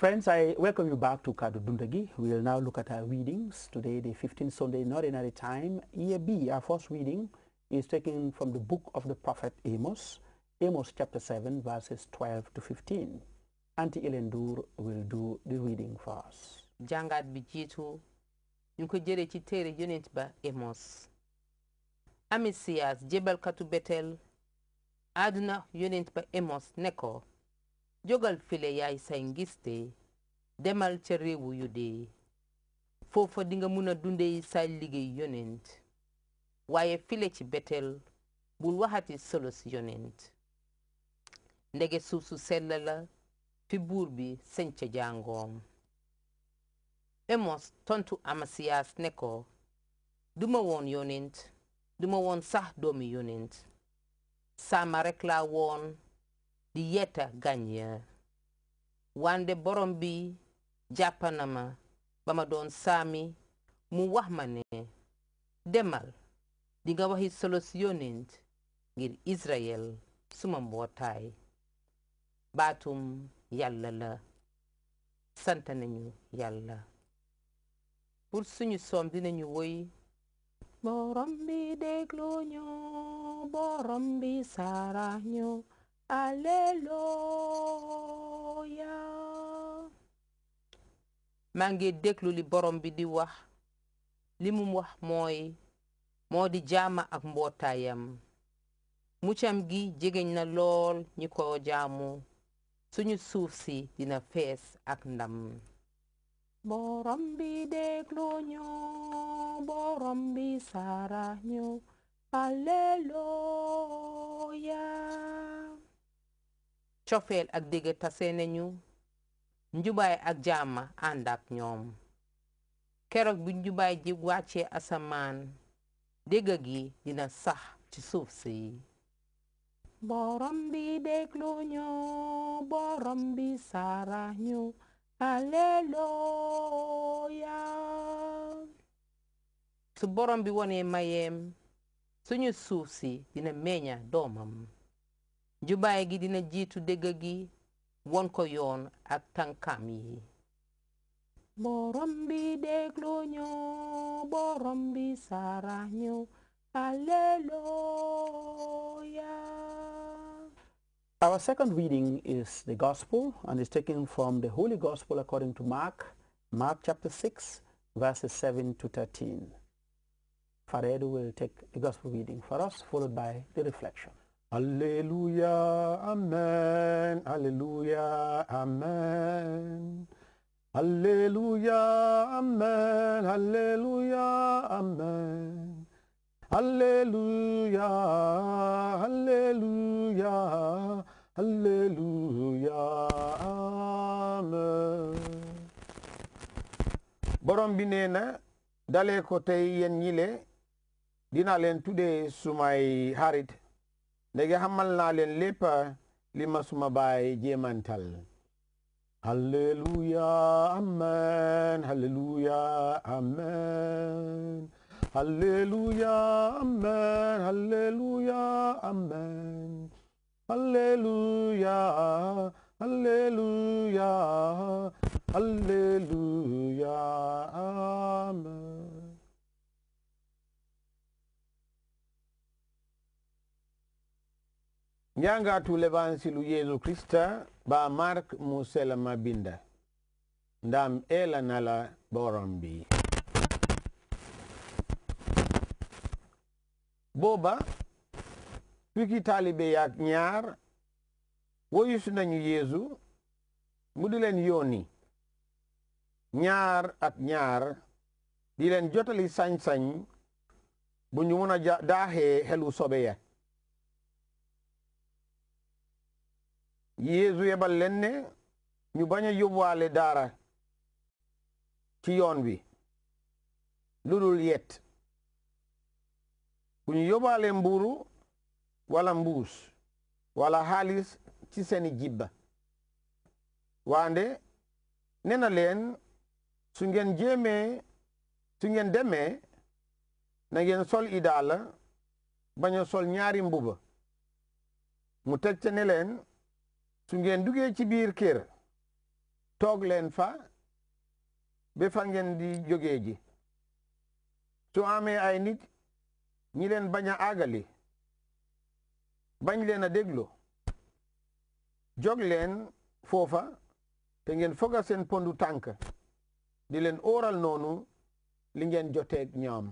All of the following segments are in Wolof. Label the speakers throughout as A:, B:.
A: Friends, I
B: welcome you back to Kadu We will now look at our readings. Today, the 15th Sunday in Ordinary Time, Year B, our first reading, is taken from the book of the prophet Amos, Amos chapter 7, verses 12 to 15. Auntie Elendur will do the
C: reading for us. Jangat bijitu, ñuko jere ci téré ba Amos. Amisias jebal katu Betel, aduna ba Amos neko jógal file yaay say ngiste demal ca réew yu dee foofa dinga mun a dundee say liggéey yonent waaye file ci betel bul waxati solo si yonent ndege suuf su sell la fi buur bi senca jàngoom Emos tontu Amasiyaas ne ko duma woon yonent duma woon sax doomi yonent saama rekk laa woon di yeta gàññeer wande borom bi jàppana ma ba ma doon saami mu wax ma ne demal di nga waxi solos yonent ngir Israel suma mbootaay baatum yàlla la sant nañu yàlla pour suñu soom dinañu woy borom bi déglu ñu borom bi saara ñu alléluia maa ngi déglu li borom bi di wax li mu wax mooy moo di jaama ak mbootaayam muccam gi jegeñ na lool ñi ko jaamu suñu suuf si dina ak ndam borom bi borom bi alléluia cofeel ak digge tase nañu njubaay ak jaama ànd ak ñoom keroog bi njubaay ji wàccee asamaan dégg gi dina sax ci suuf si borom bi déglu ñu borom bi saarax ñu alleluya su borom bi wonee mayeem suñu suuf si dina meñña doomam jubaay gi dina jiitu gi won ko yoon ak yi borom bi ñu borom bi ñu
B: Our second reading is the Gospel and is taken from the Holy Gospel according to Mark, Mark chapter 6, verses 7 to 13. Father Edu will take the Gospel reading for us, followed by the reflection. Alleluia, Amen, Alleluia, Amen. Alleluia, Amen, Alleluia, Amen. Alleluia, Alleluia, Alleluia, Amen. borom bi nee na dalee ko tey yéen ñi le dinaa leen sumay harit. léegi xamal naa leen lépp li ma suma baay jéemantal halleluya amen Hallelujah, amen Hallelujah, amen Hallelujah, amen Hallelujah, hallelujah, hallelujah, amen njanga tu lebansilu yesu krista ba mark musela mabinda ndam ela nala ñaar woyusu nañu yéesu mu di leen yóoni ñaar at ñaar dileen leen jotali sañ-sañ bu ñu mën a daaxee xelu sobe yéesu yebal leen ne ñu bañ a yóbbaale daara ci yoon bi lu dul yet bu ñu yobale mbuuru wala mbuus wala xaalis ci seeni jibba waande nee na leen su ngeen jéemee su ngeen demee na ngeen sol i daala bañ a sol ñaari mbuba mu teg ca ne leen su ngeen duggee ci biir kër toog leen fa ba fa ngeen di jógee ji su amee ay nit ñi leen bañ a àggali bañ leen a déglu jog leen foofa te ngeen foga seen pondu tànk di leen oral noonu li ngeen joteeg ñoom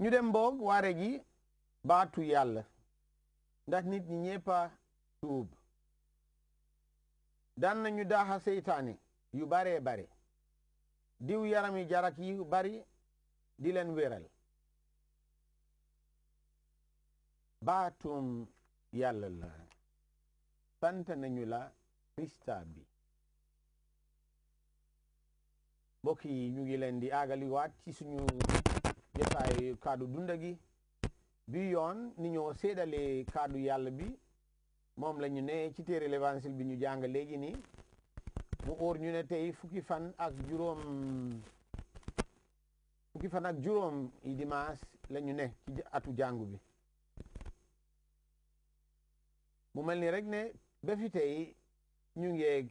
B: ñu dem boog waare baatu yàlla ndax nit ñi ñëppa tuub daan nañu daaxa seytaane yu baree bare diw yarami jarak yu bari di leen wéral baatum yàlla la sant nañu la ristaab bi mbokk yi ñu ngi leen di aagaliwaat ci suñu jotaay kaddu dunda gi bi yoon ni ñoo séedale kaddu yàlla bi moom la ñu ne ci téere l'évangile bi ñu jàng léegi nii mu óor ñu ne tey fukki fan ak juróom fukki fan ak juróom yi dimanche la ñu ne ci atu jàngu bi mu mel ni rek ne ba fi ñu ngeeg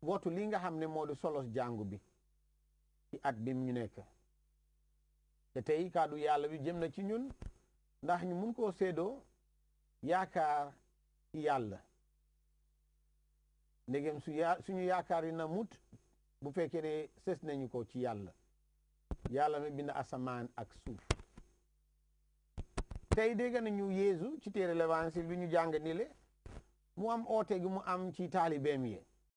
B: wotu nga xam ne moo di solos jàngu bi ci at bi ñu nekk te tey kàddu yàlla bi jëm na ci ñun ndax ñu mun koo séedoo yaakaar ci yàlla ndegem su ya suñu yaakaar yi na mut bu fekkee ne sës nañu ko ci yàlla yàlla mi bind asamaan ak suuf tey dégg nañu Yeesu ci téere l'Évangile bi ñu jàng ni le mu am oote gi mu am ci taalibeem yi